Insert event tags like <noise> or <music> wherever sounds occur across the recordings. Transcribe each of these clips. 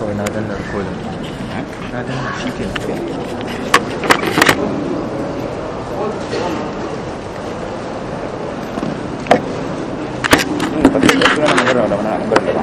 Nadal koydum. Nadal şeker. Tapi kita nak berapa lama nak berapa?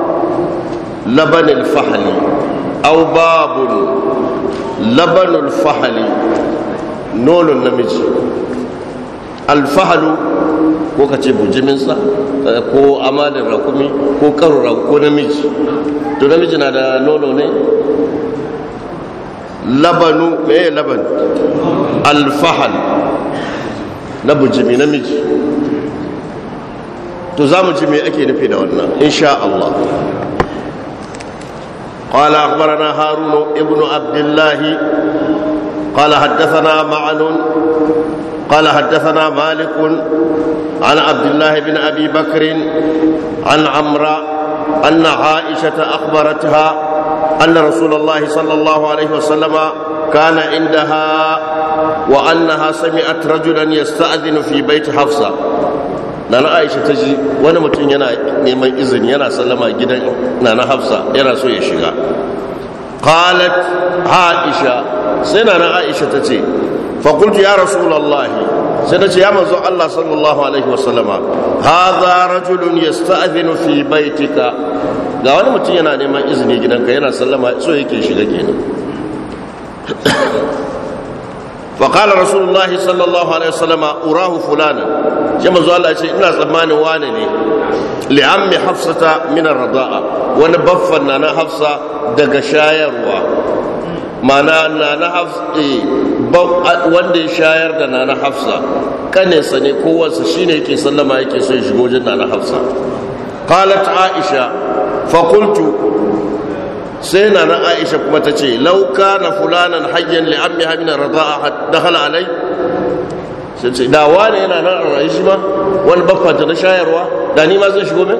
لبن الفحل او باب لبن الفحل نول النمج الفحل ko ka ce bujiminsa eh, ko amalin rakumi ko karura ko namiji to namiji na da nono ne labanu mai laban alfahal na bujimi namiji to za mu ji mai ake nufi da wannan insha Allah قال أخبرنا هارون ابن عبد الله قال حدثنا معن قال حدثنا مالك عن عبد الله بن أبي بكر عن عمرو أن عائشة أخبرتها أن رسول الله صلى الله عليه وسلم كان عندها وأنها سمعت رجلا يستأذن في بيت حفصة nana aisha ta ji wani mutum yana neman izini yana sallama gidan nana hafsa yana so ya shiga qalat aisha sai nana aisha ta ce fakultu ya rasulallahi sai ta ce ya manzo allah sallallahu alaihi wasallama hadha rajulun yasta'dhinu fi baitika ga wani mutum yana neman izini gidanka yana sallama so yake shiga kenan faƙalar rasulullahi sallallahu alaihi wasallama urahu fulana shi manzo Allah ina tsammanin wane ne li'ammi hafsata minar rada'a wani baffan na na hafsa daga shayarwa mana na na hafsa wanda ya shayar da na na hafsa kaninsa ne kowansa shine yake sallama yake son shigo jin na na hafsa aisha fakultu. sai na nan aisha kuma ta ce lauka na fulanan hanyar li'ammi haminar raza'a da hala alai sai ce da wane yana nan a rayu shi ma wani bakwanta na shayarwa da ni ma zai shigo min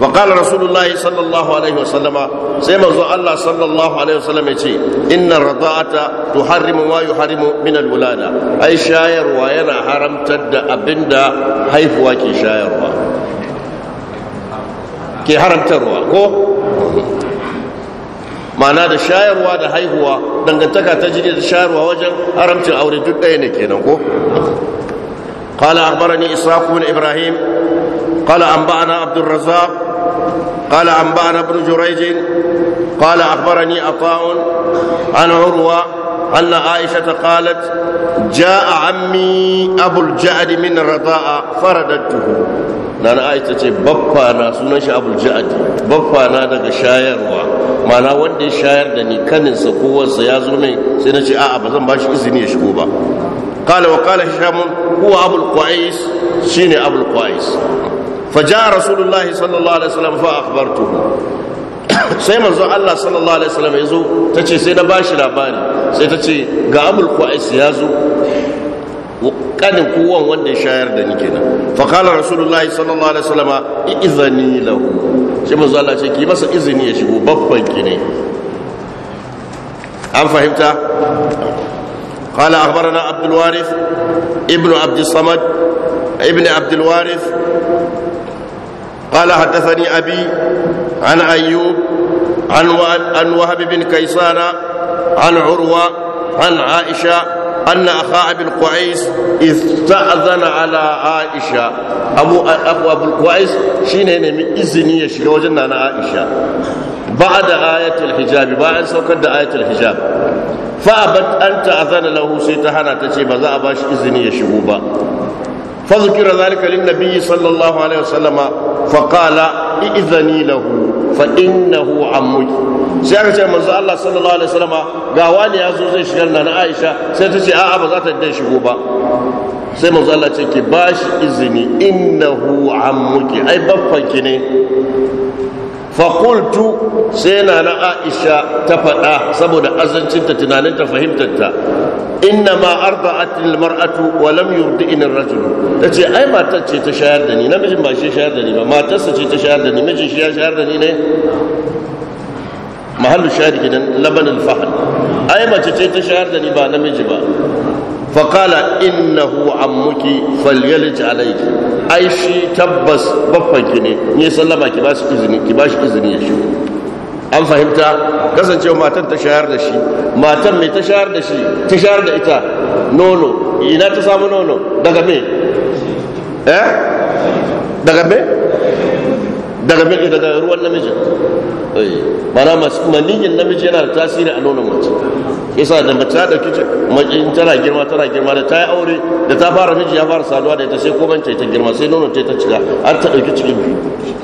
alaihi رسول الله صلى الله عليه وسلم سيما الله صلى الله عليه وسلم يتي إن الرضاعة تحرم ما يحرم من Ai shayarwa yana haramtar da abin da haifuwa ke shayarwa, ke haramtarwa ko? ma'ana da shayarwa da haihuwa dangantaka ta jini da shayarwa wajen haramcin aure duk ɗaya ne kenan ko qala akhbarani israq bin ibrahim qala anba'ana abdur razzaq qala anba'ana ibn jurayj qala akhbarani ata'un an urwa anna aisha qalat jaa ammi abul ja'd min rada'a faradatuhu dan aisha ce baffa na sunan shi abul baffa na daga shayarwa mana wanda ya shayar da ni kaninsa ko ya zo mai, sai na ce a'a ba zan bashi izini ya shigo ba قال وقال هشام هو أبو القعيس شيني أبو القعيس فجاء رسول الله sallallahu alaihi عليه وسلم فأخبرته sai manzo Allah sallallahu alaihi wasallam ya zo ta ce sai na bashi shi labari sai ta ce ga abul kwais ya zo kanin kowan wanda ya shayar da ni kenan fa qala rasulullahi sallallahu alaihi wasallam izani lahu shi manzo Allah ce ki masa izini ya shigo babban ki ne an fahimta قال أخبرنا عبد الوارث ابن عبد الصمد ابن عبد الوارث قال حدثني أبي عن أيوب عن, عن وهب بن كيسان عن عروة عن عائشة أن أخا أبي القعيس استأذن على عائشة أبو أبو أبو القعيس شين من إذني يشكو جنة عائشة بعد آية الحجاب بعد سوكد آية الحجاب فأبت أن تأذن له سيتهانا تشيب ذا أباش إذني يشكو فذكر ذلك للنبي صلى الله عليه وسلم فقال إذني له فإنه عمي sai aka ce manzo Allah sallallahu alaihi wasallama ga wani ya zo zai shigar na Aisha sai ta ce a'a ba za ta dan shigo ba sai manzo Allah ce ki shi izini innahu ammuki ai baffanki ne fakultu sai na na aisha ta faɗa saboda azancinta tunaninta fahimtarta inna ma arba mar'atu wa lam yurdi inin rajulu ta ce ai mata ce ta shayar da ni namijin ba shi shayar da ni ba matarsa ce ta shayar da ni mijin shi ya shayar da ni ne mahallu shayar da laban al-fahl ai mace ce ta shayar da ni ba namiji ba faƙala innahu ammuki falyalij alayki ai shi tabbas baffanki ne ni sallama ki ba shi izini shi an fahimta kasancewa matan ta shayar da shi matan mai ta shayar da shi ta shayar da ita nono ina ta samu nono daga me eh daga me daga me daga ruwan namijin mana maniyin namiji yana da tasiri a nonon mace yasa da mace ta dauki mace tana girma tana girma da ta yi aure da ta fara miji ya fara saduwa da ita sai komanta ta girma sai nono ta cika har ta dauki cikin biyu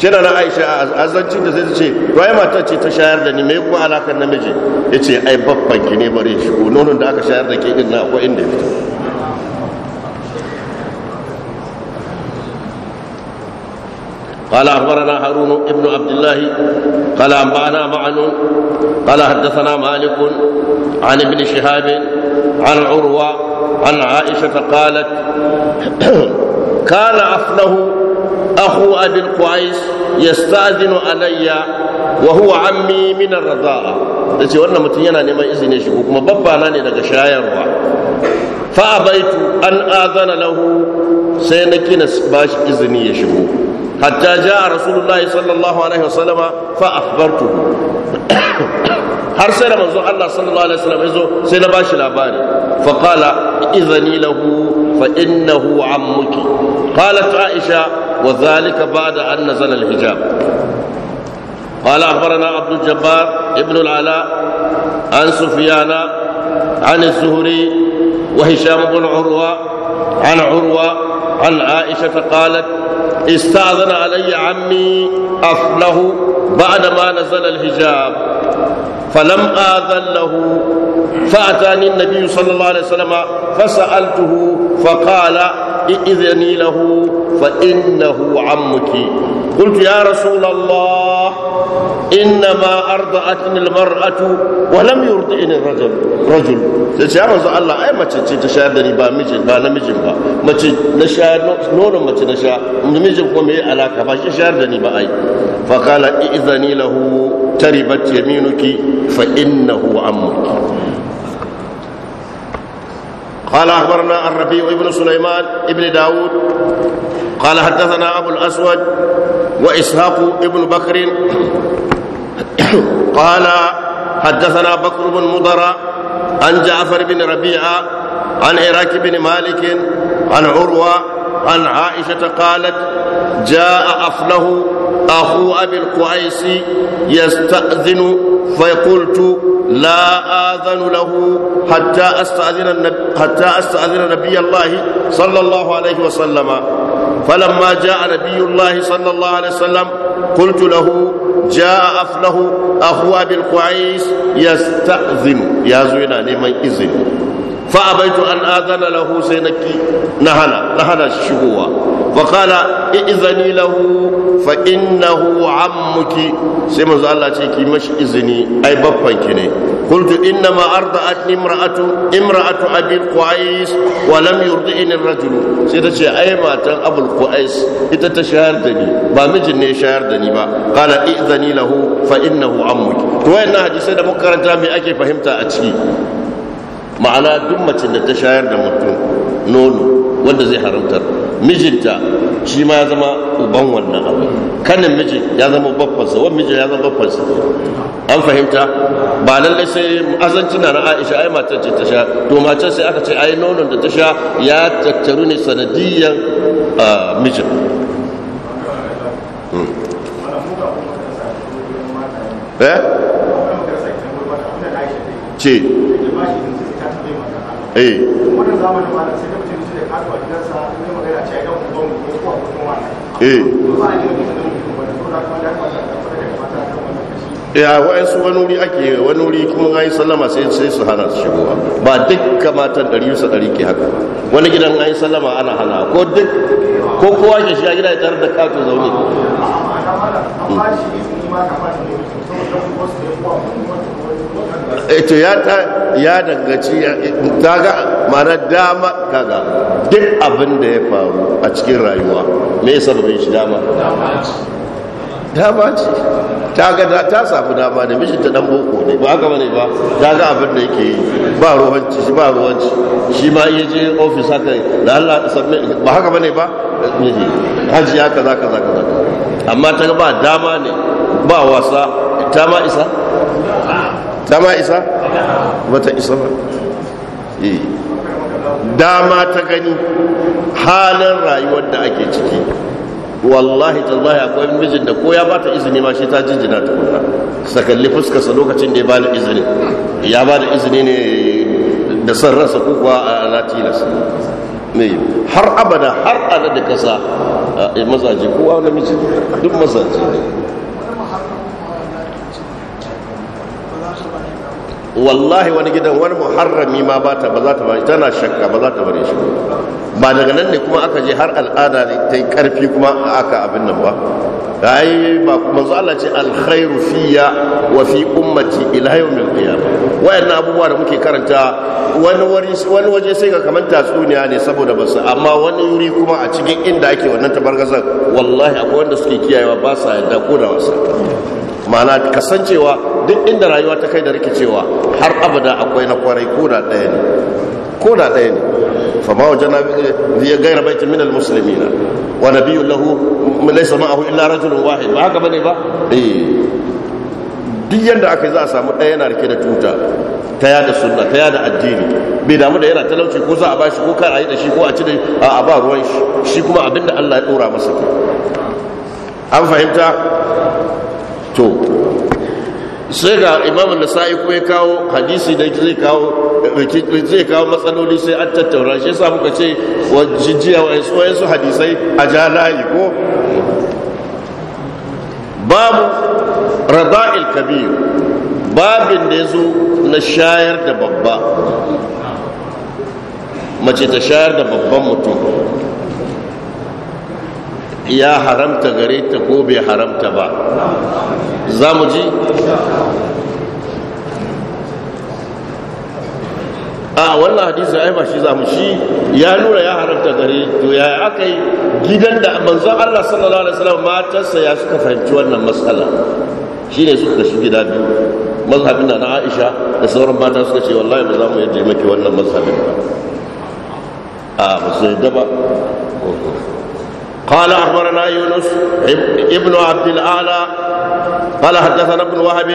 shi na aisha a azancin da zai ta ce waye matar ce ta shayar da ni mai kuma alakar namiji ya ce ai babban ki ne bare shi nonon da aka shayar da ke din na akwai inda ya fito قال أخبرنا هارون بن عبد الله قال أنبأنا معن قال حدثنا مالك عن ابن شهاب عن عروة عن عائشة قالت <clears throat> كان أفنه أخو أبي القعيس يستأذن علي وهو عمي من الرضاعة yace wannan mutum yana neman izini shi ko kuma babbana ne daga shayarwa fa abaitu an azana lahu sai na kina ba shi ya shigo hatta jaa rasulullahi sallallahu alaihi wasallama fa akhbartu har sai da manzo Allah sallallahu alaihi wasallam yazo sai na bashi labari fa qala idhani lahu fa aisha وذلك بعد أن نزل الحجاب قال أخبرنا عبد الجبار ابن العلاء عن سفيان عن الزهري وهشام بن عروة عن عروة عن عائشة قالت استأذن علي عمي أفله بعدما نزل الحجاب فلم آذن له فأتاني النبي صلى الله عليه وسلم فسألته فقال إذني له فإنه عمك قلت يا رسول الله إنما أرضعتني المرأة ولم يرضعني الرجل رجل يا رسول الله أي ما تشاهد با مجن با نمجن با ما نشا نور ما نشا نمجن قومي على كفاش شاهدني با أي فقال إذني له تربت يمينك فإنه عمك قال أخبرنا الربيع بن سليمان بن داود قال حدثنا أبو الأسود وإسحاق بن بكر <coughs> قال حدثنا بكر بن مضر عن جعفر بن ربيعة عن عراك بن مالك عن عروة عن عائشة قالت جاء أفله أخو أبي القعيس يستأذن فقلت لا آذن له حتى أستأذن النبي, حتى أستأذن نبي الله صلى الله عليه وسلم فلما جاء نبي الله صلى الله عليه وسلم قلت له جاء أفله أخو أبي القعيس يستأذن يا زوينا لمن إذن fa’abaitu an azana lahu sai na hana na hana shigowa wa kala izini lahu fa’in na sai mazu Allah ce ki mashi izini ai babbanki ne kultu inna ma’ar da ake imra’atu abin kwa’is wa lam yurdu inin rajulu sai ta ce ai matan abul kwa’is ita ta shayar da ni ba mijin ne shayar da ni ba kala izini lahu fa’in na hu hammuki to wayan na hadisai da makaranta me ake fahimta a ciki ma'ana duk macin da ta shayar da mutum nono wanda zai haramtar mijinta shi ma ya zama uban wannan abu kanin mijin ya zama babbansa wani mijin ya zama babbansa an fahimta ba lallai sai azancin na aisha ai matar ce ta sha to matar sai aka ce ai nono da ta sha ya tattaru ne sanadiyan mijin hmm. eh ce eh wannan zamanin ba sai da gidansa ne ce mu ko eh ba wani ake wani wuri kuma ayi sallama sai su hana su shigowa ba duk ke haka wani gidan ayi sallama ana hana ko duk ko kowa ke shiga gida ya tarar da kato zaune hmm. Eh, to ya ta ya dangaci kaga mana dama kaga duk abin da ya faru a cikin rayuwa me ya sababin shi dama dama ce ta ga ta samu dama da mishi ta dan boko ne ba haka bane ba ta ga abin da yake yi ba ruwanci shi ba ruwanci shi ma iya je ofis haka da Allah ba haka bane ba haji haka za ka za ka amma ta ga ba dama ne ba wasa ta ma isa ta ma isa bata isa ba eh. dama ta gani halin rayuwar da ake ciki wallahi tallahi akwai mijin da ko ya bata izini ma shi ta jinjina ta kuma sakalli fuskarsa lokacin da ya bada izini ya bada izini ne da san ransa ko kuwa a latinas ne har abada har ana da kasa eh, mazaje kowa mijin duk mazaje ne wallahi wani gidan wani muharrami ma ba ta ba za ta ba tana shakka ba za ta bari shi ba daga nan ne kuma aka je har al'ada ne ta yi karfi kuma aka abin nan ba ai ba manzo Allah ce alkhairu fiya wa fi ummati ila yawmil qiyamah Wayanna abubuwa da muke karanta wani wani wani waje sai ka kamanta tatsuniya ne saboda ba su amma wani yuri kuma a cikin inda ake wannan tabargazan wallahi akwai wanda suke kiyayewa ba sa yadda ko da wasa ma'ana kasancewa duk inda rayuwa ta kai da rikicewa har abada akwai na kwarai ko da ɗaya ne ko da ɗaya ne فما وجدنا غير بيت من المسلمين ونبي له ليس معه الا رجل واحد ما هكذا بني با duk yadda aka yi za a samu ɗaya yana rike da tuta ta yada sunna ta yada addini bai damu da yana talauci ko za a bashi ko kar a yi da shi ko a ci da a ba ruwan shi shi kuma abinda Allah ya ɗora masa an fahimta to sai ga imam nasa'i ko ya kawo hadisi da zai kawo zai kawo matsaloli sai an tattaura shi yasa muka ce wa jijiya wa yasu hadisai a ko babu rada'il kabir babin da yazo na shayar da babba mace ta shayar da babban mutum ya haramta gare ta ko bai haramta ba za mu ji a wannan hadisi ai ba shi mu shi ya nura ya haramta gare to ya aka yi gidan da manzon Allah sallallahu alaihi wasallam matarsa ya suka fahimci wannan matsala ne suka shi gida biyu mazhabin na Aisha da sauran mata suka ce wallahi ba za mu yadda miki wannan mazhabin ba a ba su yadda ba قال أخبرنا يونس ابن عبد الأعلى قال حدثنا ابن وهب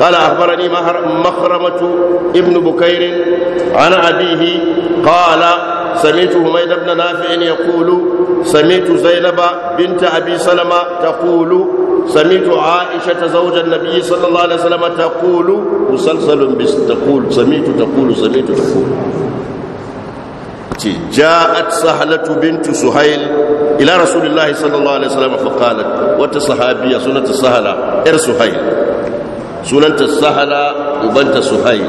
قال أخبرني مخرمة ابن بكير عن أبيه قال سمعت هميد بن نافع يقول سمعت زينب بنت أبي سلمة تقول سمعت عائشة زوج النبي صلى الله عليه وسلم تقول مسلسل بس تقول سمعت تقول سمعت تقول جاءت سهلة بنت سهيل ila rasulillahi sallallahu alaihi wasallam fa qalat wata sahabiya sunanta sahala yar suhayl sunanta sahala ubanta suhayl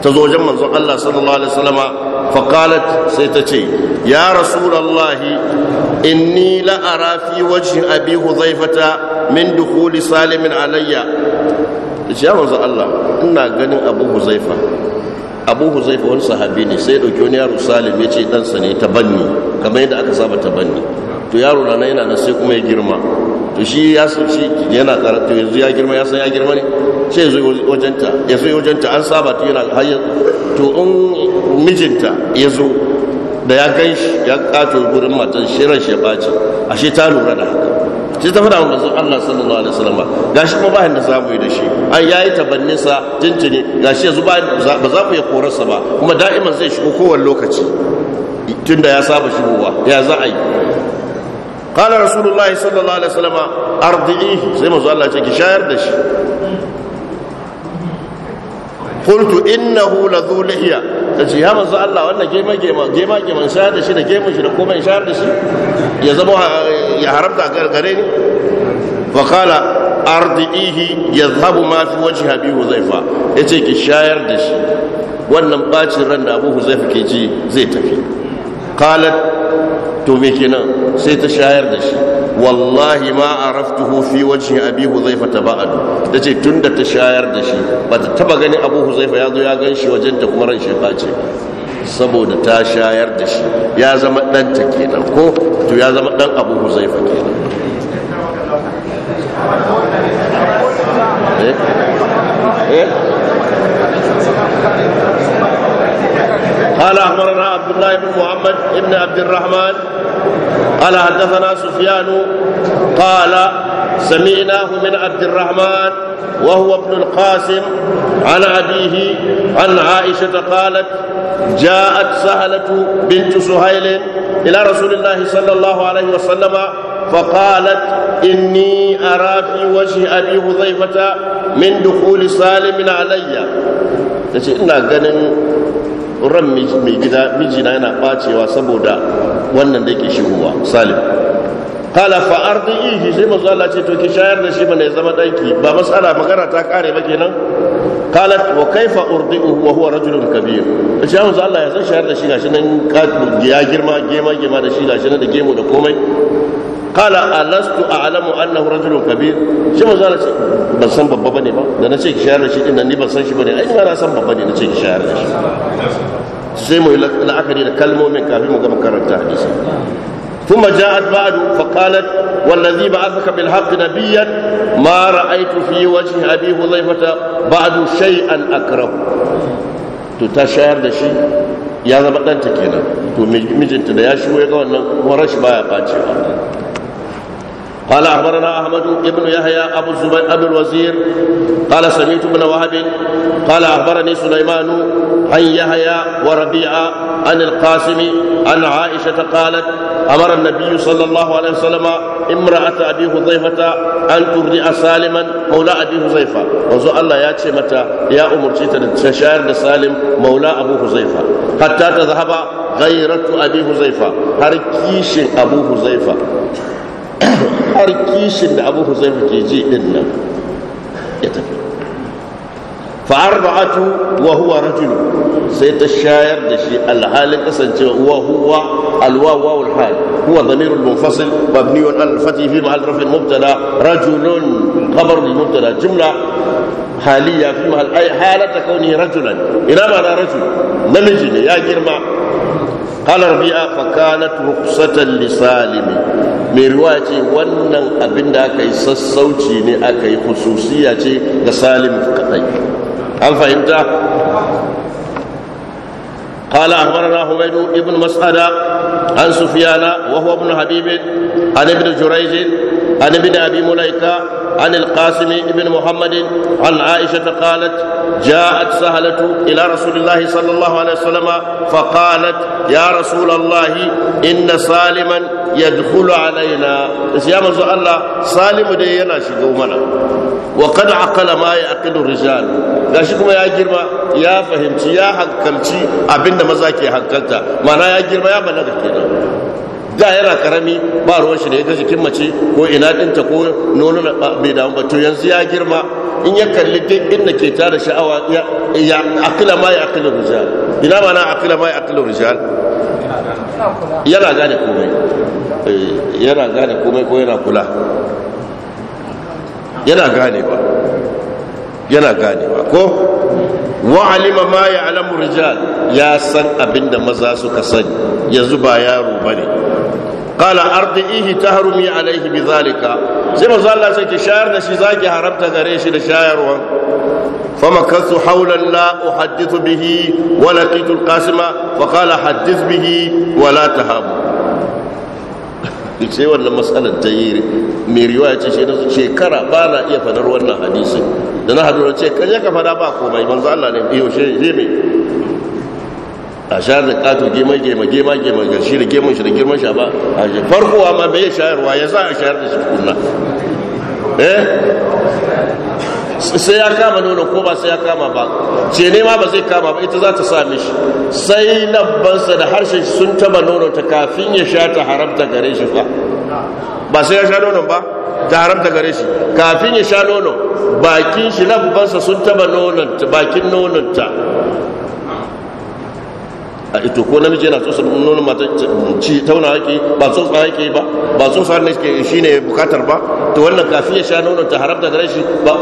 ta zo wajen manzon Allah sallallahu alaihi wasallama fa qalat sai ta ce ya rasulullahi inni la ara fi wajhi abi hudhaifata min dukhuli salimin alayya ya manzon Allah ina ganin abu huzaifa abu huzaifa wani sahabi ne sai dauki wani yaro salim ya ce ɗansa ne ta banni kamar yadda aka saba ta banni to yaro na yana nan sai kuma ya girma to shi ya san shi yana karatu yanzu ya girma ya san ya girma ne sai ya zo wajenta ya zo wajenta an saba ta yana hayyar to in mijinta ya zo da ya gan shi ya kato gurin matan shirin shi ya ɓaci ashe ta lura da haka sai ta fada manzon Allah sallallahu alaihi wasallam gashi kuma bayan da za mu yi da shi an yayi tabannin sa tintini gashi yanzu ba za ku ya korarsa ba kuma da'iman zai shigo kowane lokaci tunda ya saba shigowa ya za a yi قال رسول الله صلى الله عليه وسلم أرضئيه زي ما الله تكي شاعر دش قلت إنه لذو لحية تجي يا مزو الله وانا جيما جيما جيما جيما شاعر دشي دا جيما شي دا كوما شاعر دشي يا ya haramta a gare ni wa kala ardihi ya zabu mafi wajhi habi huzaifa ce ki shayar da shi wannan bacin ran da abu huzaifa ke ji zai tafi kala to me kenan sai ta shayar da shi wallahi ma araftuhu fi wajhi abi huzaifa tabadu tace tunda ta shayar da shi ba ta taba ganin abu huzaifa ya zo ya gan shi wajen ta kuma ran shi bace saboda ta shayar da shi ya zama dan ta kenan ko to ya zama dan abu huzaifa kenan eh eh قال اخبرنا عبد الله بن محمد بن عبد الرحمن قال حدثنا سفيان قال سمعناه من عبد الرحمن وهو ابن القاسم عن أبيه عن عائشة قالت جاءت سهلة بنت سهيل إلى رسول الله صلى الله عليه وسلم فقالت إني أرى في وجه أبي حذيفة من دخول سالم علي ran mai gida mijina yana bacewa saboda wannan da yake shigowa salim kala fa'ar da ihi sai manzo Allah ce to ki shayar da shi mana ya zama danki ba mas'ala magana ta kare ba kenan kala wa kaifa urdi'uhu wa huwa rajulun kabir sai manzo Allah ya san shayar da shi gashi nan ya girma gema gema da shi gashi nan da gemu da komai qala alastu a'lamu annahu rajulun kabir shi manzo Allah ce ban san babba bane ba da nace ki shayar da shi din ni ban san shi bane ai ma na san babba ne nace ki shayar da shi sai mu la'akari da kalmomin kafin mu gama karanta hadisi ثم جاءت بعد فقالت والذي بعثك بالحق نبيا ما رأيت في وجه أبي حذيفة بعد شيئا أكره تتشاهر شيء ya zama ɗanta kenan to da ya shigo ya ga wannan horashi baya ɓacewa قال اخبرنا احمد بن يحيى ابو الزبير ابو الوزير قال سمعت بن وهب قال اخبرني سليمان عن يحيى وربيعه عن القاسم عن عائشه قالت امر النبي صلى الله عليه وسلم امراه ابي حذيفه ان ترضع سالما مولى ابي حذيفه وزو الله يا متى يا امر تشاير سالم مولى ابو حذيفه حتى تذهب غيرة ابي حذيفه هر كيش ابو حذيفه <coughs> har kishin da abu huzaifa ke ji din nan ya tafi Fa'ar fa'arba'atu wa huwa rajul sai ta shayar da shi alhalin kasancewa wa huwa alwawa wal Kuwa huwa dhamir al munfasil mabni al fati fi mahall raf al mubtada rajulun khabar al mubtada jumla haliya fi mahall ay halata kauni rajulan ina ma na rajul namiji ne ya girma qala biya. fa kanat ruqsatan li salimi mai ruwa ce wannan abin da aka yi sassauci ne aka yi hususiya ce ga salim kaɗai? an fahimta قال أخبرنا حميد بن مسعدة عن سفيان وهو ابن حبيب عن ابن جريج عن ابن ابي مليكه عن القاسم بن محمد عن عائشه قالت جاءت سهله الى رسول الله صلى الله عليه وسلم فقالت يا رسول الله ان سالما يدخل علينا يا منزو الله سالم دي ينا شيغو منا وقد عقل ما يعقل الرجال gashi kuma ya girma ya fahimci ya hankalci abinda maza ke hankalta ma'ana ya girma ya balaga kenan da yana karami ba ruwan shi da ya ga jikin mace ko ina dinta ko nono na bai damu ba to yanzu ya girma in ya kalli duk inda ke tada sha'awa ya akila ma ya akila rijal ina ma na akila ma ya akila rijal yana gane komai eh, yana gane komai ko yana kula yana gane ba yana gane ba ko wa'alima ma ya alamu rijal ya san abinda maza suka sani yanzu ba yaro bane قال أرضئيه تهرمي عليه بذلك زي ما زال الله سيكي شاعر نشي زاكي هربت غريشي لشاعر و... فمكثت حولا لا أحدث به ولقيت القاسم فقال حدث به ولا تهاب duk sai wannan matsalar ta yi mai riwaya ce shekara ba na iya fadar wannan hadisin da na hadu ce kaje ka fada ba komai a shayar da katon gema gema gema gema ga shi da gemun shi da girman shi ba a shi farkowa ma bai shayarwa ya za a shayar da shi kuna eh sai ya kama nono ko ba sai ya kama ba ce ne ma ba zai kama ba ita za ta sa mishi sai labbansa da harshen sun taba nuna ta kafin ya sha ta haramta gare shi fa ba sai ya sha nonon ba ta haramta gare shi kafin ya sha nuna bakin shi labbansa sun taba nonon bakin nuna ta a ito ko namiji yana tsotsa nuna mata ci tauna yake ba tsotsa yake ba ba tsotsa ne shi ne bukatar ba to wannan kafin ya sha nuna ta haramta gare shi ba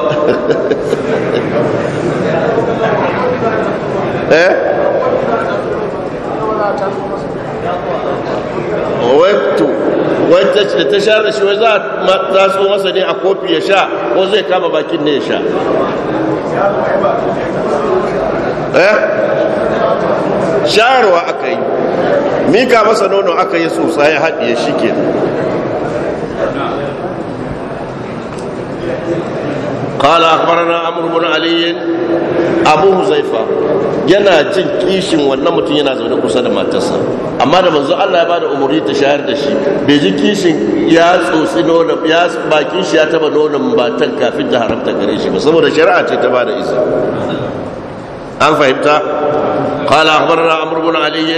<laughs> eh wato wata da ta sha da shi wai za a so masa ne a kofi ya sha ko zai kama bakin ne ya sha eh shayarwa aka yi mika masa nono aka yi sosai, ya haɗiye shi ke kala أخبرنا عمرو بن علي أبو yana jin kishin wannan mutum yana zaune kusa da matarsa amma da manzo Allah ya bada umarni ta shayar da shi bai ji kishin ya tsotsi nonon ya bakin shi ya taba nonon batan kafin ta haramta gare shi ba saboda shari'a ce ta bada izini an fahimta قال أخبرنا عمرو بن علي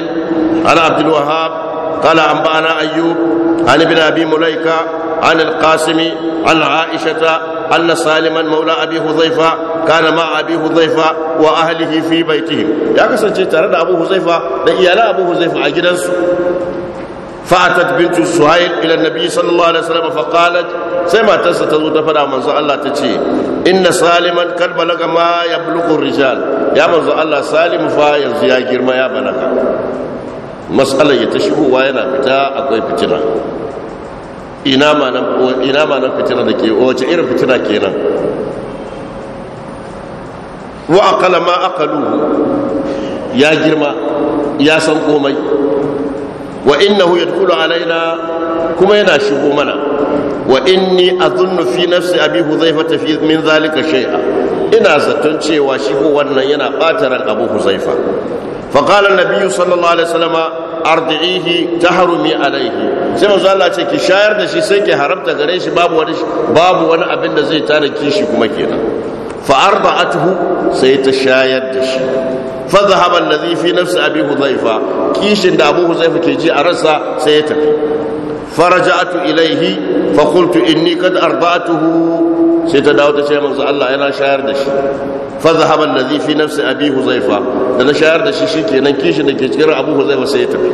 عن عبد الوهاب قال أنبأنا أيوب عن ابن أبي مليكة عن القاسم عن عائشة أن سالما مولى أبي حذيفة كان مع أبي حذيفة وأهله في بيتهم يا كسان ترى أبو حذيفة ده إيالا أبو حذيفة أجدنس فأتت بنت سهيل إلى النبي صلى الله عليه وسلم فقالت سما تستطيع تفرع من الله تشي إن سالما قد بلغ ما يبلغ الرجال يا من الله سالم فايز يا جرما يا بلغ مسألة يتشبه وينا بتاع أكوي بتنا ina ma nan fitina da ke wace irin fitina kenan wa akala ma akalu ya girma ya san komai wa innahu yadkhulu alaina kuma yana shigo mana wa inni adhunnu fi nafsi abi hudhaifa fi min zalika shay'a ina zaton cewa shigo wannan yana bataran abu hudhaifa fa qala an-nabiy sallallahu alaihi wasallam ardihi tahrumi alaihi sai manzo Allah ce ki shayar da shi sai ki haramta gare shi babu wani babu wani abin da zai tare kishi kuma kenan fa arba'atuhu sai ta shayar da shi fa zahaba allazi fi nafsi abi huzaifa kishin da abu huzaifa ke ji a rasa sai ya tafi Farajatu ilaihi fa qultu inni kad arba'atuhu sai ta dawo ta ce manzo Allah yana shayar da shi fa zahaba allazi fi nafsi abi huzaifa da na shayar da shi shikenan kishin da ke cikin abu huzaifa sai ya tafi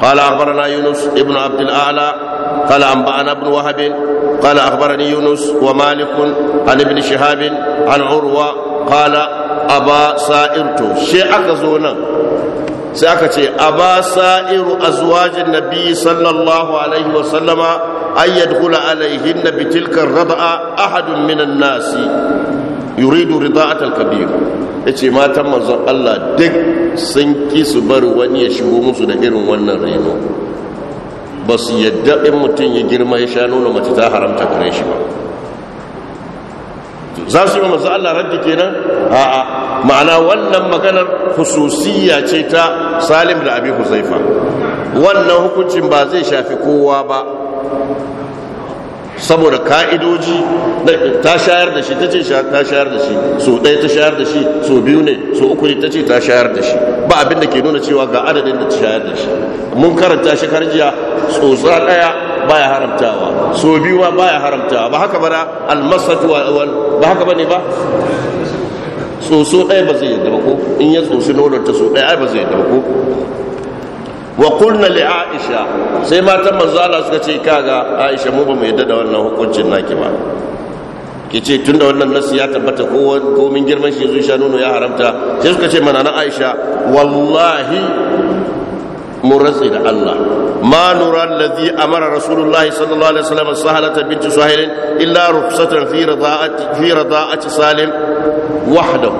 قال أخبرنا يونس ابن عبد الأعلى قال أنبأنا ابن وهب قال أخبرني يونس ومالك عن ابن شهاب عن عروة قال aba sa'ir to she aka zo nan sai aka ce aba sa'iru azwajin nabi sallallahu alaihi wa sallama an yadkhula alaihin bi tilka raba'a, ahadun minan nasi yuridu rida'at al-kabir yace matan manzon Allah duk sun ki su bar wani ya shigo musu da irin wannan reno ba su yadda in mutum ya girma ya sha nuna mace ta haramta gare shi ba za su yi manzo Allah raddi kenan a'a ma'ana wannan maganar khususiyya ce ta Salim da Abi Huzaifa wannan hukuncin ba zai shafi kowa ba saboda ka'idoji ta shayar da shi ta ce ta shayar da shi so ɗaya ta shayar da shi so biyu ne so uku ne ta ce ta shayar da shi ba abin da ke nuna cewa ga adadin da ta shayar da shi mun karanta shi karjiya tsotsa ɗaya baya haramtawa so biyu baya haramtawa ba haka na almasatu ba haka bane ba tsotso ɗaya ba zai yadda ba ko in ya tsotsi nonon ta so ɗaya ba zai yadda ba ko wa kulna li aisha sai matan manzo Allah suka ce kaga aisha mu ba mu yadda da wannan hukuncin naki ba ki ce tun da wannan nasu ya tabbata ko min girman shi zuciya nono ya haramta sai suka ce mana na aisha wallahi mu rasu da Allah ما نرى الذي امر رسول الله صلى الله عليه وسلم سهلة بنت سهيل الا رخصة في رضاعة في رضاعة سالم وحده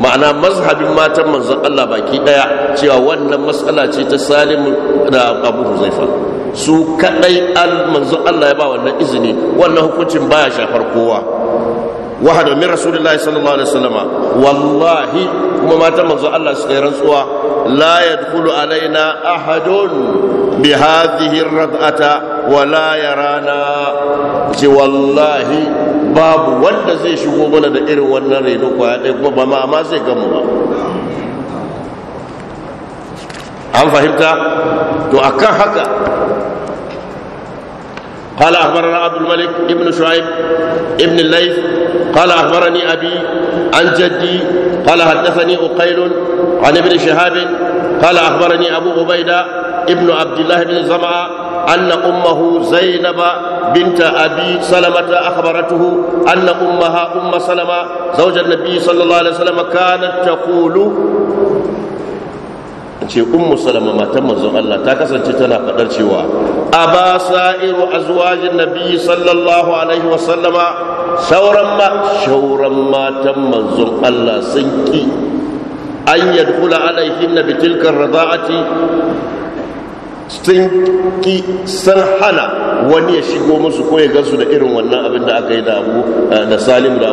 ma'ana mazhabin matan manzon Allah baki daya cewa wannan matsala ce ta Salim da Abu Huzaifa su kadai al manzon Allah ya ba wannan izini wannan hukuncin baya shafar kowa wahada min rasulullahi sallallahu alaihi wasallama wallahi kuma matan manzo Allah suka yi rantsuwa la yadkhulu alaina ahadun bi hadhihi rad'ata wa la yarana ji wallahi babu wanda zai shigo mana da irin wannan reno kwaya ɗaya kuma ba ma amma zai gamu ba an fahimta to akan haka قال أخبرنا عبد الملك ابن شعيب ابن الليث قال أخبرني أبي عن جدي قال حدثني أقيل عن ابن شهاب قال أخبرني أبو عبيدة ابن عبد الله بن زمعة أن أمه زينب بنت أبي سلمة أخبرته أن أمها أم سلمة زوج النبي صلى الله عليه وسلم كانت تقول ce ummu salama matan manzon Allah ta kasance tana fadar cewa aba sa'iru azwajin nabi sallallahu alaihi wa sallama sauran ma shauran matan manzon Allah sun ki an yadkhula alaihin bi tilka rada'ati sun ki sun hana wani ya shigo musu ko ya gansu da irin wannan abin da aka yi da abu eh, da salim da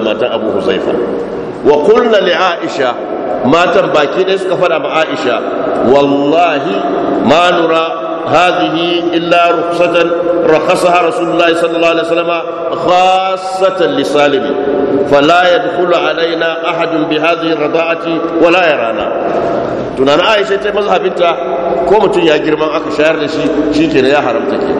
matan abu huzaifa wa qulna li aisha matan baki ɗaya suka faɗa ma aisha wallahi ma nura هذه إلا رخصة رخصها رسول الله صلى الله عليه وسلم خاصة لسالم فلا tunanin aisha ta mazhabinta ko mutum ya girman aka shayar da shi shi ke ya haramta ke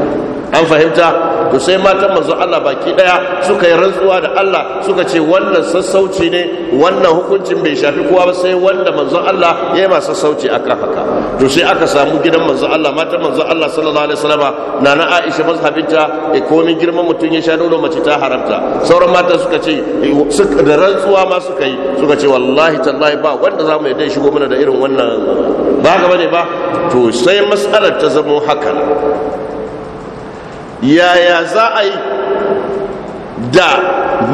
an fahimta to sai matan manzon Allah baki daya suka yi rantsuwa da Allah suka ce wannan sassauci ne wannan hukuncin bai shafi kowa ba sai wanda manzon Allah ya yi ma sassauci aka haka to sai aka samu gidan manzon Allah matan manzon Allah sallallahu alaihi wasallama nana Aisha mazhabinta e komin girman mutum ya sha nono mace ta haramta sauran mata suka ce e, da rantsuwa ma suka yi suka ce wallahi tallahi ba wanda zamu dai shigo mana da irin wannan ba ga bane ba to sai mas'alar ta zamo haka yaya za a yi da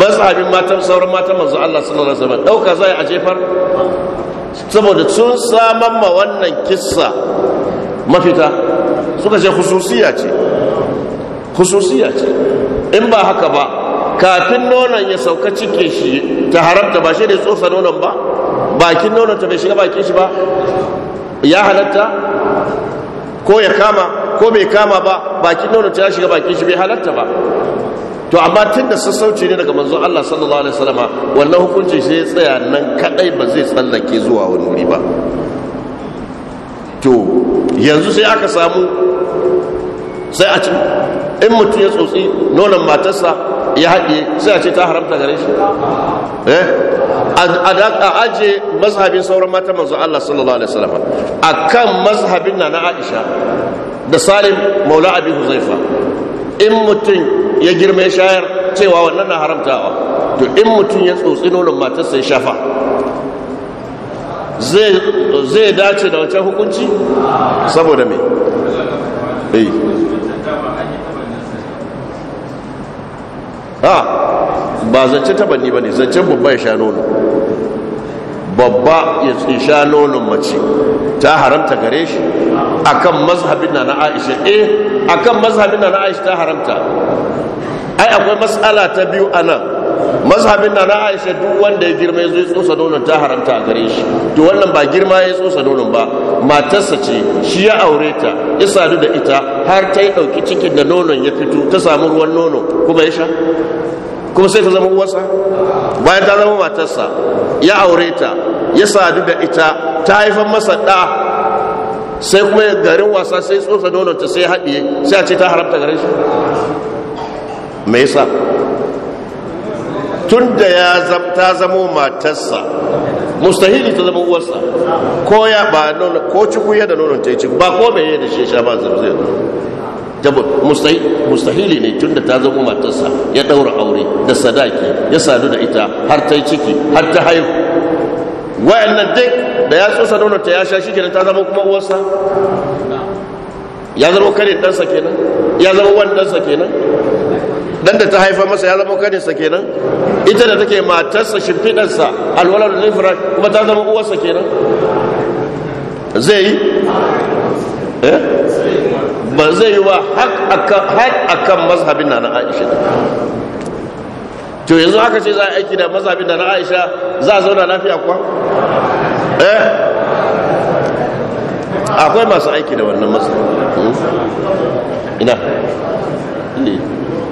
mazhabin matan sauran matan manzo Allah sallallahu alaihi wasallam dauka za a jefar saboda sun saman ma wannan kissa mafita suka ce khususiya ce khususiya ce in ba haka ba kafin nonon ya sauka cike shi ta haramta ba shi da tsofa nonon ba bakin nonon ta bai shiga bakin shi ba ya halatta ko ya kama ko bai kama ba bakin nono ta shiga bakin shi bai halatta ba to amma tun da sassauci ne daga manzon Allah sallallahu alaihi wasallama wannan hukunci sai ya tsaya nan kadai ba zai tsallake zuwa wani wuri ba to yanzu sai aka samu sai a ci in mutum ya tsotsi nonon matarsa ya haɗe sai a ce ta haramta gare shi eh a aje mazhabin sauran mata manzo Allah sallallahu alaihi wasallam akan mazhabin na na Aisha da salim maula abi huzaifa in mutum ya girma ya shayar cewa wannan na haramtawa to in mutum ya tsotsi nonon matarsa ya shafa zai dace da wancan hukunci saboda mai eh. ah, ɗai ba zance tabanni ba ne zancen babban ya sha nono babba ya sha nonon mace ta haramta gare shi akan mazhabin na Aisha eh akan mazhabin na Aisha ta haramta ai akwai matsala ta biyu anan mazhabin na na Aisha duk wanda ya girma ya zo ya tsosa nonon ta haramta a gare shi to wannan ba girma ya tsosa nonon ba matarsa ce shi ya aure ta ya sadu da ita har ta yi ɗauki cikin da nonon ya fito ta samu ruwan nono kuma ya sha kuma sai ta zama uwarsa bayan ta zama matarsa ya aure ta ya sadu da ita ta haifan masa ɗa sai kuma garin wasa sai tsotsa ta sai haɗiye sai a ce ta haramta garin shi me yasa tun da ya ta zama matarsa mustahili ta zama uwarsa ko ya ba nono ko ciku da nonon ta yi ciku ba ko mai da shi sha ba zai zai jabul mustahili ne tun da ta zama matarsa ya daura aure da sadaki ya sadu da ita har ta yi ciki har ta haihu wa'annan dai da ya tsosa nononta ya sha shi kenan ta zama kuma uwarsa ya zama kare ɗansa kenan ya zama wani ɗansa kenan dan da ta haifa masa ya zama kare sa kenan ita da take matarsa shimfiɗarsa alwalar da zai kuma ta zama uwarsa kenan zai yi eh ba zai yi ba har kan mazhabin na na aisha to yanzu haka ce za a aiki da mazhabin na na aisha za a zauna lafiya kuwa eh akwai masu aiki da wannan mazhabin hmm? ina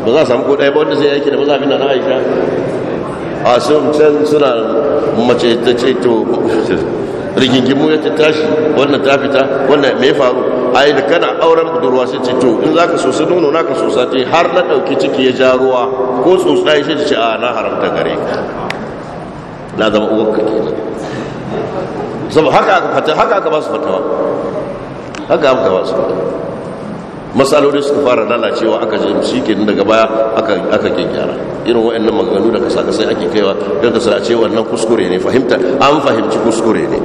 ba za a samu ko ba wanda zai aiki da mazhabin na na aisha a sun can suna mace ta ce to <laughs> rigingimu ya ta tashi wannan ta fita wannan mai faru ai da kana auren budurwa sai ce to in zaka sosa nono naka sosa ce har na dauki ciki ya ja ruwa ko tsotsa ya ce a na haramta gare ka na zama uwar ka kenan saboda haka aka fata haka aka ba su fatawa haka aka ba su fatawa matsaloli suka fara lalacewa aka je shi ke daga baya aka ke gyara irin wa'annan maganganu da kasa-kasai ake kaiwa don kasar a cewa wannan kuskure ne fahimta an fahimci kuskure ne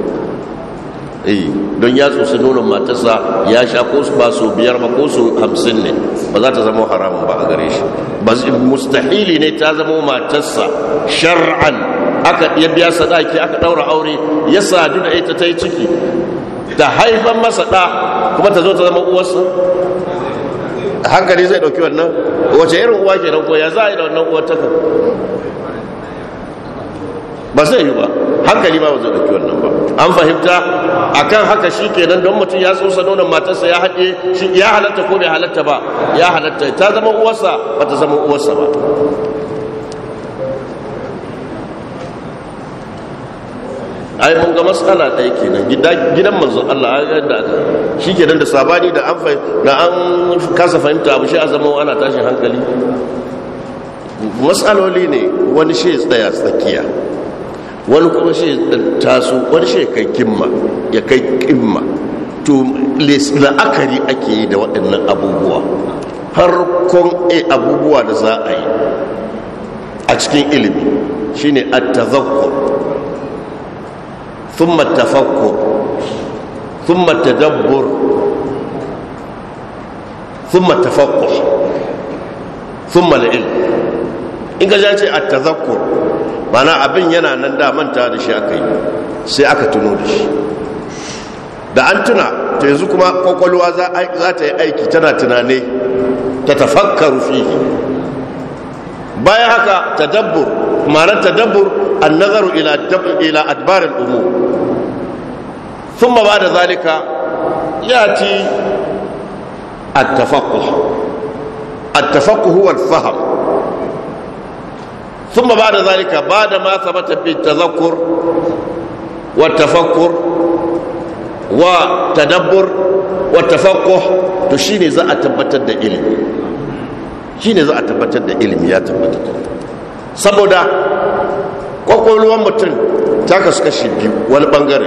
eh don ya tsotsi nuna matarsa ya sha ko su ba su biyar ba ko su hamsin ne ba za ta zama haramun ba a gare shi Ba mustahili ne ta zama matarsa shar'an aka ya biya sadaki aka daura aure ya sadu da ita ta yi ciki ta haifan masa ɗa kuma ta zo ta zama uwarsa hankali zai ɗauki wannan wace irin uwa ke nan ko ya za a yi da wannan uwar ta ba zai yi ba hankali ba zai dauki wannan ba an fahimta akan haka shikenan don mutum ya tsosa nonon matarsa ya haɗe shi ya halatta ko bai halatta ba ya halatta ta zama uwarsa ba ta zama uwarsa ba ai mun ga matsala ɗaya kenan gidan manzon Allah a da aka shi kenan da sabani da an da an kasa fahimta abu shi a zama ana tashin hankali matsaloli ne wani shi tsaya tsakiya wani kuma shi taso wani shi kai kimma ya kai kimma to la'akari ake yi da waɗannan abubuwa harkon a eh, abubuwa da za a yi a cikin ilimi shi ne a tazakkur thumma tafakkur thumma tadabbur thumma tafakkur thumma al-ilm in ka a at-tazakkur mana abin yana nan da manta da shi aka yi sai aka tuno da shi da an tuna to yanzu kuma kwakwalwa za ta yi aiki tana tunane ta tafakkaru fihi bayan haka tadabbur ma'anar tadabbur annazaru ila ila adbar al-umur thumma ba'da zalika yati at-tafaqquh at-tafaqquh huwa fahm ثم ba ذلك بعد ما ثبت في التذكر والتفكر والتدبر والتفقه تشيني za a tabbatar da ilimi shine za a tabbatar da ilimi ya tabbatar saboda kwakwalwar mutum ta kasu kashi biyu wani bangare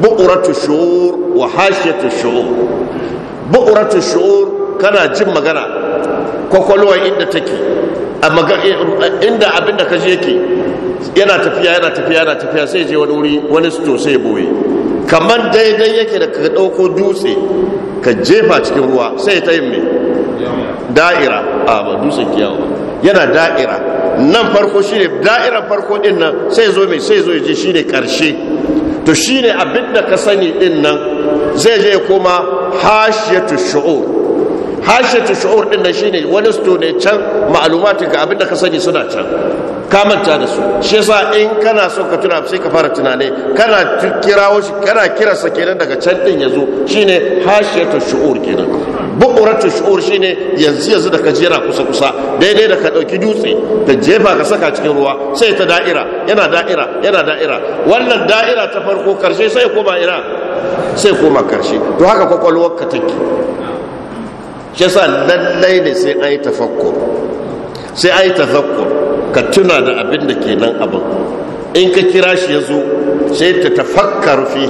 bu'uratu shu'ur wa hashiyatu shu'ur bu'uratu shu'ur kana jin magana kwakwalwar inda take Eh, inda abin da ka je ke yana tafiya yana tafiya yana tafiya sai je wani wuri wani sito sai boye kamar daidai yake da ka ɗauko dutse ka jefa cikin ruwa sai ta yin mai da'ira a ba dutsen kiyawa yana da'ira nan farko shi ne da'ira farko din nan sai zo mai sai zo ya je shi ne karshe to shi ne abin da ka sani din nan zai je koma hashiyatu shu'ur hashiyatu shu'ur din nan shine wani sto ne can ma'lumatin ka abinda ka sani suna can ka manta da su shi yasa in kana so ka tuna sai ka fara tunani kana kirawo shi kana sa kenan daga can din yazo shine ta shu'ur kenan bukuratu shu'ur shine yanzu yanzu da ka jera kusa kusa daidai da ka dauki dutse ka jefa ka saka cikin ruwa sai ta da'ira yana da'ira yana da'ira wannan da'ira ta farko karshe sai koma ina sai koma karshe to haka kwakwalwar ka take shi sa lallai ne sai an yi tafakkur sai an yi tafakkur ka tuna da abin da ke nan abin in ka kira shi ya zo sai ta tafakkar fi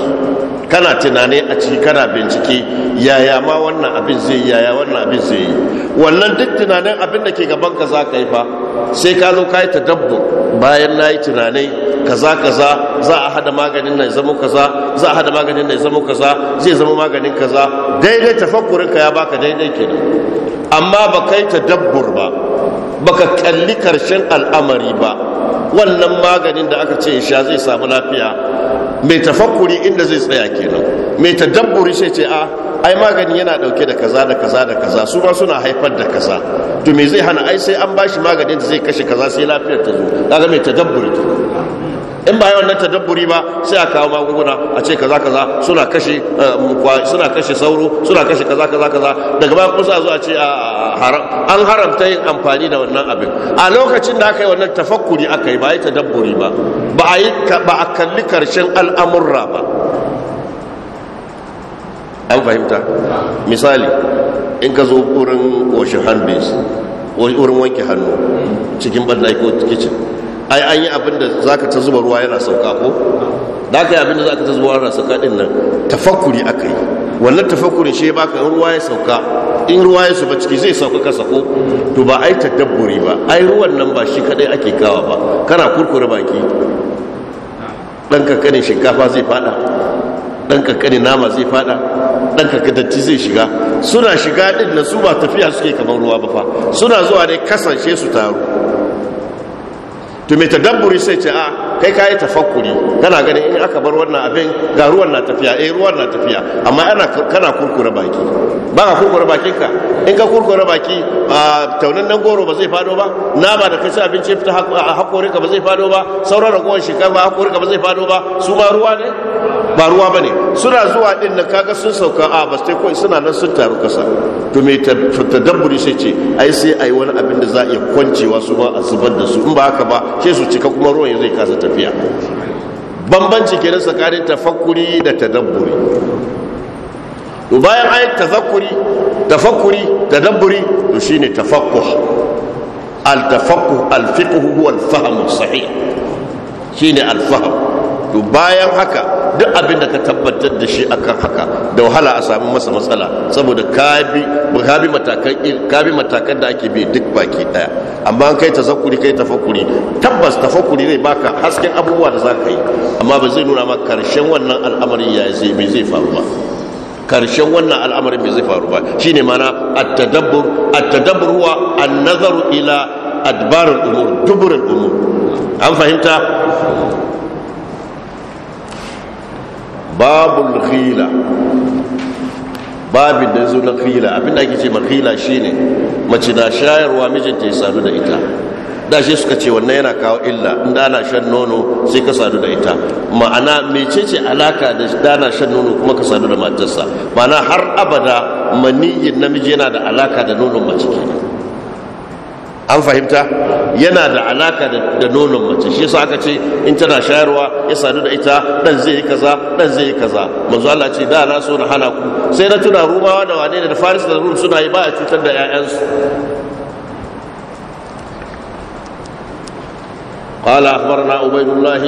kana tunani a ciki kana bincike yaya ma wannan abin zai yi yaya wannan abin zai yi wannan duk tunanin abin da ke gaban ka za ka yi fa sai ka zo ka yi tadabbu bayan na yi tunanai kaza kaza za a hada maganin na zama kaza za a hada maganin da ya zama kaza zai zama maganin kaza daidai tafakkurin ka ya baka daidai kenan amma ba kai ta tadabbur ba baka kalli karshen al'amari ba wannan maganin da aka ce sha zai samu lafiya mai tafakkuri inda zai tsaya kenan mai tadabburi sai ce a ah, ai magani yana dauke da kaza da kaza da kaza su ma suna haifar da kaza to me zai hana ai sai an bashi maganin da zai kashe kaza sai lafiyar ta zo kaga mai tadabburi in ba yawan nan tadabburi ba sai a kawo magunguna a ce kaza kaza suna kashe eh, mm, suna kashe sauro suna kashe kaza kaza kaza daga baya kusa zuwa ce a haram an haramta yin amfani da wannan abin a lokacin da aka yi wannan tafakkuri aka yi ba yi tadabburi ba ba a yi ba a kalli karshen al'amurra ba an fahimta misali in ka zo wurin washin hand wurin wanke hannu cikin bandaki ko kicin ai an yi abin da zaka ta zuba ruwa yana sauka ko da ka yi abin da zaka ta zuba ruwa yana sauka din nan tafakuri aka yi wannan tafakuri shi baka ka ruwa ya sauka in ruwa ya zuba ciki zai sauka kasa ko to ba ai tadabburi ba ai ruwan nan ba shi kadai ake kawa ba kana kurkure baki dan kankanin shinkafa zai fada dan kankanin nama zai fada dan datti zai shiga suna shiga din na su ba tafiya suke kamar ruwa ba fa suna zuwa ne kasance su taru to mai tadabburi sai ce a ah, kai ka yi tafakkuri kana ganin in aka bar wannan abin ga ruwan na tafiya eh ruwan na tafiya amma ana kana kurkure baki ba ka kurkure bakinka in ka kurkure baki a taunin nan goro ba zai fado ba na ba da kace abinci fita ka ba zai fado ba sauran ragowar shinkafa ka ba zai fado ba su ba ruwa ne ba ruwa bane suna zuwa din nan kaga sun sauka a ba sai kawai suna nan sun taru kasa to me tadabburi sai ce ai sai ai wani abin da za a iya kwancewa su ba a zubar da su in ba haka ba sai su cika kuma ruwan zai kasa tafi tafiya bambanci kenan tsakanin tafakkuri da tadabburi to bayan ayat tazakkuri tafakkuri tadabburi to shine tafakkuh al tafakkuh al fiqh huwa al fahm sahih shine al fahm to bayan haka duk abin da ka tabbatar da shi akan haka da wahala a samu masa matsala saboda kabi matakan da ake bi duk baki daya amma kai ta zakuri kai ta fakuri tabbas ta fakuri ne baka hasken abubuwa da za ka yi amma ba zai nuna ma karshen wannan al'amarin ya zai mai zai faru ba karshen wannan al'amarin bai zai faru ba shine mana at-tadabbur at-tadabbur huwa an-nazaru ila adbarul umur duburul umur an fahimta babu lukhila babin da zo na abin abinda ake ce makhila shine mace na shayarwa mijinta ya sadu da ita da shi suka ce wannan yana kawo illa inda ana shan nono sai ka sadu da ita ma'ana mecece alaka da dana shan nono kuma ka sadu da matarsa ma'ana har abada maniyin namiji yana da alaka da nonon mace kenan an fahimta yana da alaka da nonon mace shi yasa aka ce in tana shayarwa ya sadu da ita dan zai yi kaza dan zai yi kaza manzo Allah ce da na so na hana ku sai na tuna rumawa da wane da faris da rum suna yi ba ya cutar da ƴaƴansu su. أخبرنا عبيد الله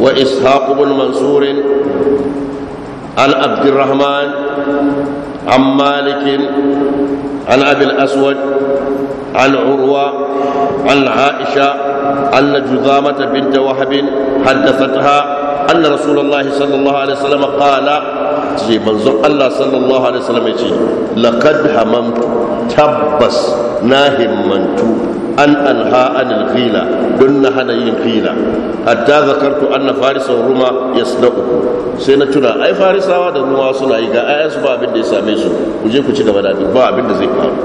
وإسحاق بن منصور عن عبد الرحمن عن مالك عن أبي الأسود عن عروة عن عائشة أن جذامة بنت وهب حدثتها anna rasulullahi sallallahu alaihi wasallam qala ce manzon Allah sallallahu alaihi wasallam ce tabbas na himmantu an anha an alghila dun na hada yin ghila hatta zakartu anna farisa ruma yasdaqu sai na tuna ai farisawa da ruma suna yi ga ayasu ba abin ya same su ku je ku ci gaba da ba abin zai faru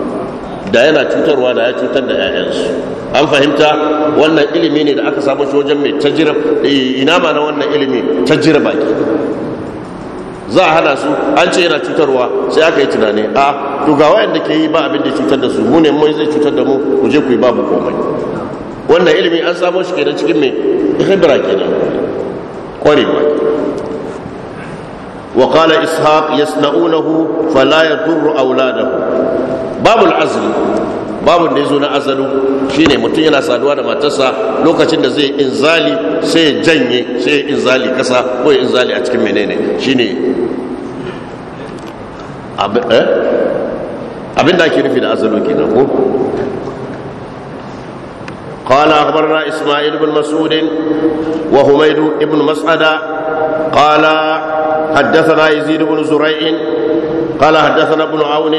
da yana cutarwa da ya cutar da 'ya'yansu an fahimta wannan ilimi ne da aka samu shi wajen mai jira, eh, ina ma na wannan ilimi jira baki za a hana su an ce yana cutarwa sai aka yi tunani a to yadda ke yi ba abin da cutar da su mu ne mai zai cutar da mu ku je ku yi babu komai wannan ilimi an samu shi kenan cikin mai hibra kenan kwarewa وقال إسحاق يصنعونه فلا يضر أولاده babul azli babun da ya zo na azalu shine mutum yana saduwa da matarsa lokacin da zai inzali sai ya janye sai ya inzali kasa ko ya inzali a cikin menene shine abin eh? da ake nufi da azalu nan ko قال أخبرنا إسماعيل بن مسعود وهميد بن مسعد قال حدثنا يزيد بن زريع قال حدثنا ابن عون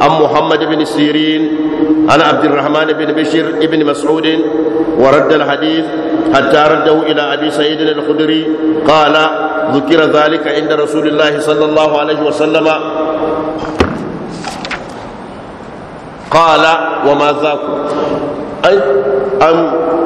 عن محمد بن السيرين عن عبد الرحمن بن بشير بن مسعود ورد الحديث حتى رده إلى أبي سعيد الخدري قال ذكر ذلك عند رسول الله صلى الله عليه وسلم قال وما ذاك أي an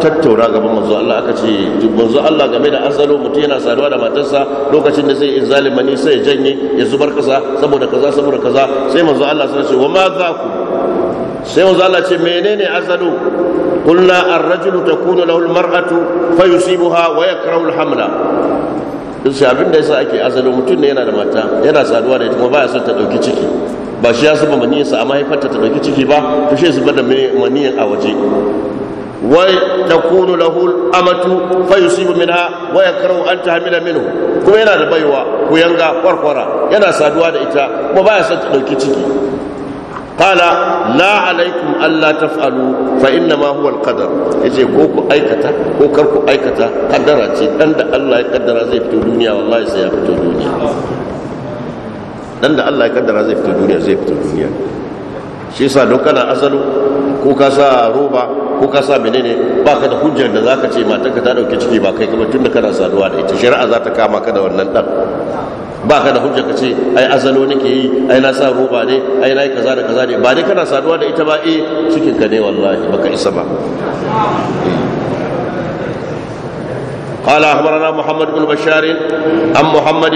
tattaura gaban manzo Allah aka ce manzo Allah game da asalo mutum yana saduwa da matarsa lokacin da zai in zalimani sai ya janye ya zubar kasa saboda kaza saboda kaza sai manzo Allah sai ce wa ma za ku sai manzo Allah ce menene asalo mar'atu. Fa تكون wa المرأة al-hamla الحمل sai abin da yasa ake azalo mutum ne yana da mata yana saduwa da ita kuma baya son ta dauki ciki ba shi ya saba maniyarsa a mahaifarta ta dauki ciki ba to shi zubar da maniyan a waje ويكون له الأمة فيصيب منها ويكره أن تحمل منه كما ينال دبيوة وينغى ورقورا ينال سادوان دئتا وبايا ستقلك تيكي قال لا عليكم ألا تفعلوا فإنما هو القدر إذا كوكو أيكتا كوكركو أيكتا قدرتي عند الله يقدر زي في الدنيا والله سيفتو الدنيا عند الله يقدر زي في الدنيا زي في الدنيا shi yasa don kana azalu ko ka sa roba ko ka sa menene ba ka da hujjar da zaka ce matarka ta dauke ciki ba kai kuma tunda kana saduwa da ita shari'a za ta kama ka da wannan dan ba ka da hujjar ka ce ai azalo nake yi ai na sa roba ne ai na yi kaza da kaza ne ba dai kana saduwa da ita ba eh cikin ka ne wallahi baka isa ba eh. قال اخبرنا محمد بن بشار عن محمد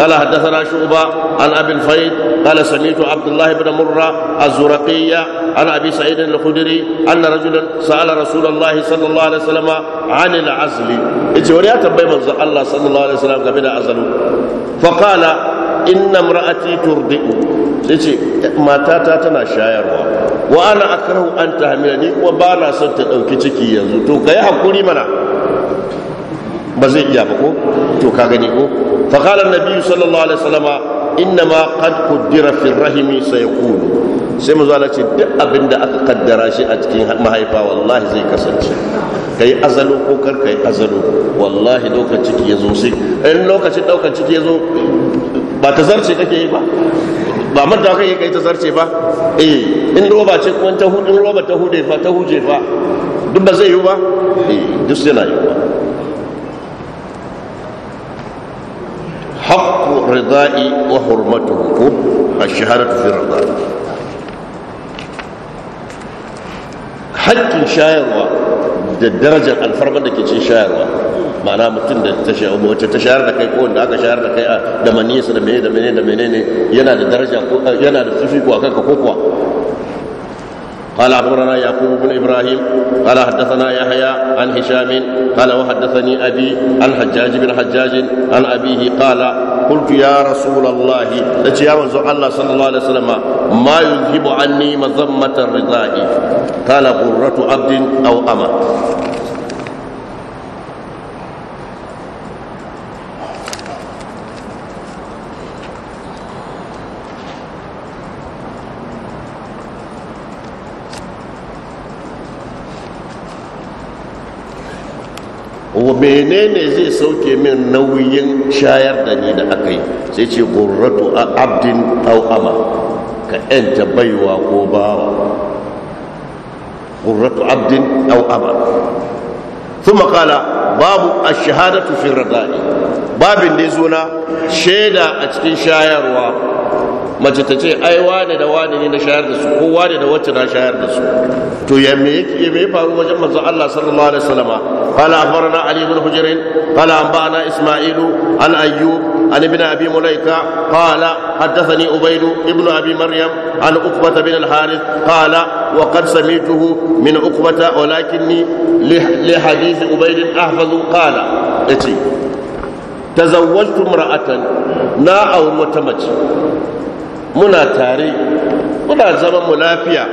قال حدثنا شعبة عن ابي الفيض قال سمعت عبد الله بن مرة الزرقي عن ابي سعيد الخدري ان رجلا سال رسول الله صلى الله عليه وسلم عن العزل اتوريا تبين الله صلى الله عليه وسلم قبل عزله فقال inna imra'ati turdi'u yace matata tana shayarwa wa ana akrahu an tahmila ni kuma ba na son ta dauki ciki yanzu to kai hakuri mana ba zai iya ba ko to ka gani ko fa qala an-nabi sallallahu alaihi wasallama innama qad qaddara fi rahimi sayakun sai mu zala ce duk abinda aka kaddara shi a cikin mahaifa wallahi zai kasance kai azalo ko kar kai azalo wallahi lokacin ciki yazo sai in lokacin daukan ciki yazo ba ta zarce kake yi ba ba manta kai kai ta zarce ba eh in roba ce ko ta hudu roba ta hude fa ta huje fa duk ba zai yi ba eh duk yana yi ba haqqu ridai wa hurmatuhu ash-shahadatu fi ridai haƙƙin shayarwa da darajar alfarma da ke cin shayarwa ma'ana mutum da ta shayar da kai ko wanda aka shayar da kai a da da da ne yana da ko kuwa قال أخبرنا يعقوب بن إبراهيم قال حدثنا يحيى عن هشام قال وحدثني أبي عن حجاج بن حجاج عن أبيه قال قلت يا رسول الله لك يا منزو الله صلى الله عليه وسلم ما يذهب عني مذمة الرضاء قال غرة عبد أو أمة menene zai sauke min nauyin shayar da ni da aka yi sai ce gurratu abdin au ka yanta baiwa ko bawa gurratu abdin au ama ثم قال باب الشهادة في babin da zuna shaida a cikin shayarwa. mace ta ce ai wane da wane ne na shayar da su ko wane da wacce na shayar da su to ya me yake me faru wajen manzon Allah sallallahu alaihi wasallama qala akhbarana ali ibn hujr qala anba'ana isma'ilu an ayyub an ibn abi mulaika qala حدثني أبيد ابن أبي مريم عن عقبة بن الحارث قال وقد سمعته من عقبة ولكني لحديث أبيد أحفظ قال اتي تزوجت na نا wata mace. muna tare muna zaman mu lafiya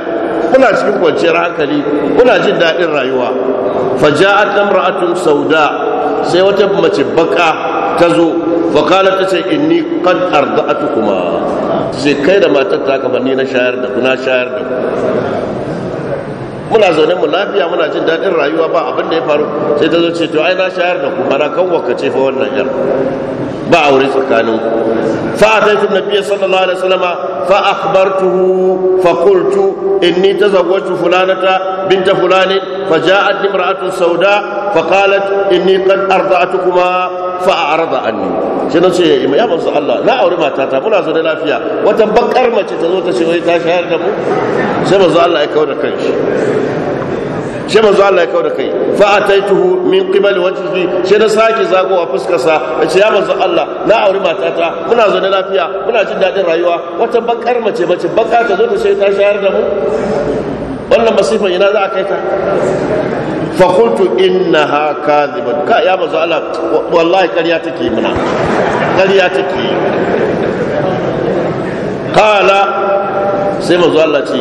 muna cikin kwanciyar hankali muna jin daɗin rayuwa faja'at atun sauda sai wata mace baka ta zo fa ta ce inni qad kuma. sai kai da matar ta ni na shayar da ku na shayar da ku muna zaune mu lafiya muna jin daɗin rayuwa ba abin da ya faru sai ta zo ce to ai na shayar da ku bana kan wakace fa wannan yar ba aure tsakanin ku fa ataitu nabiyyi sallallahu alaihi wasallama fa akhbartuhu fa qultu inni tazawwajtu fulanata binta fulani fa ja'at imra'atun sauda fa qalat inni qad arda'atukuma fa arada anni sai na ce ya manzo Allah na aure matata muna zaune lafiya wata bakar mace ta zo ta ce wai ta shayar da mu sai manzo Allah ya kawo da kai. sai manzo Allah ya kawo da kai fa tuhu min qibali shi. sai na sake zago a fuskarsa. sa ce ya manzo Allah na aure matata muna zaune lafiya muna jin daɗin rayuwa wata bakar mace mace baka ta zo ta sai ta shayar da mu wannan masifan ina za a kai ta fakultu inna ha kaziban ka ya mazu ala wallahi karya take muna karya take kala sai mazu Allah ce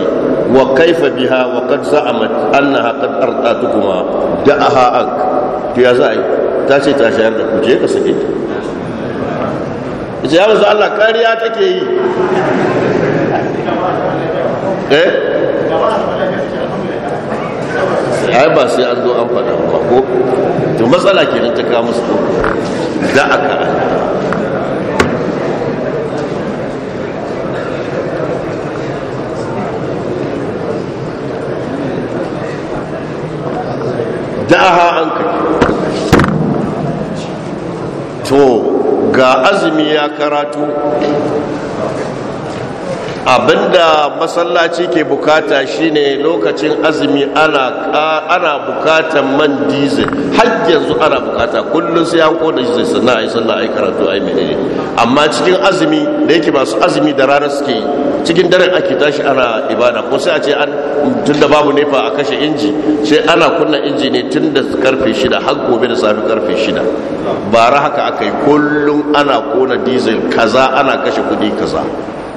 wa kaifa biha wa kad za'amat annaha qad artatukuma da'aha ank to ya za za'i ta ce ta shayar da kuje ka sake ta ya mazu Allah karya take yi eh ai ba sai an zo an faɗa ba ko to matsala ke ta kawo musu da aka da'aha an ka to ga azumi ya karatu abinda masallaci ke bukata shine lokacin azumi ana bukatan man diesel har yanzu ana bukata kullum sai an koda diesel sannan ai sannan yi karatu ai menene amma cikin azumi da yake masu azumi da rana suke cikin daren ake tashi ana ibada ko sai a ce an tunda babu nefa a kashe inji sai ana kunna inji ne tun da karfe shida har gobe da safe karfe shida bara haka aka yi kullum ana kona diesel kaza ana kashe kudi kaza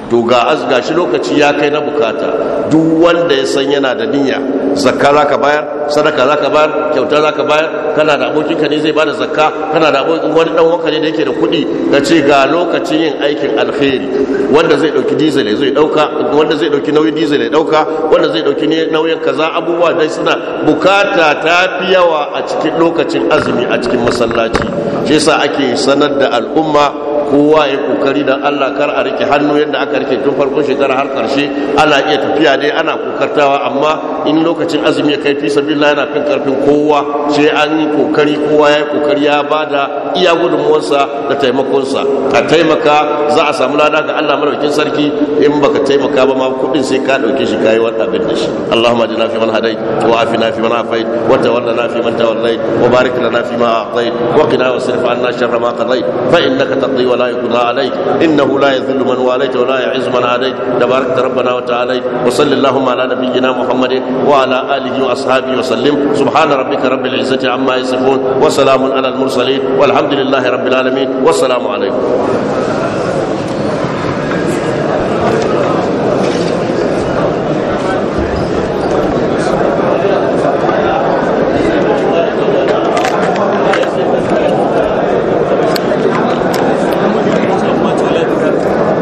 to ga azga shi lokaci ya kai na bukata duk wanda ya san yana da niyya zakka zaka bayar sadaka zaka bayar kyauta zaka bayar kana da abokin ka ne zai bada zakka kana da abokin wani dan wanka ne da yake da kuɗi ka ce ga lokacin yin aikin alkhairi wanda zai dauki diesel zai dauka wanda zai dauki nauyin diesel ya dauka wanda zai dauki nauyin kaza abubuwa dai suna bukata ta fi yawa a cikin lokacin azumi a cikin masallaci shi yasa ake sanar da al'umma kowa ya kokari da Allah kar a rike hannu yadda aka rike tun farkon shekara har karshe ana iya tafiya dai ana kokartawa amma in lokacin azumi ya kai fi sabilillah yana fin karfin kowa sai an yi kokari kowa ya kokari ya bada iya gudunmuwarsa da taimakonsa a taimaka za a samu lada ga Allah madaukin sarki in baka taimaka ba ma kudin sai ka dauke shi kai wani abin da shi Allahumma ajina fi man hadait wa afina fi man afait wa tawallana fi man tawallai, wa barik lana fi ma a'tait wa qina wasrif anna sharra ma qadait fa innaka taqdi ولا يقضى عليك إنه لا يذل من واليت ولا يعز من عليك تبارك ربنا وتعالى وصل اللهم على نبينا محمد وعلى آله وأصحابه وسلم سبحان ربك رب العزة عما يصفون وسلام على المرسلين والحمد لله رب العالمين والسلام عليكم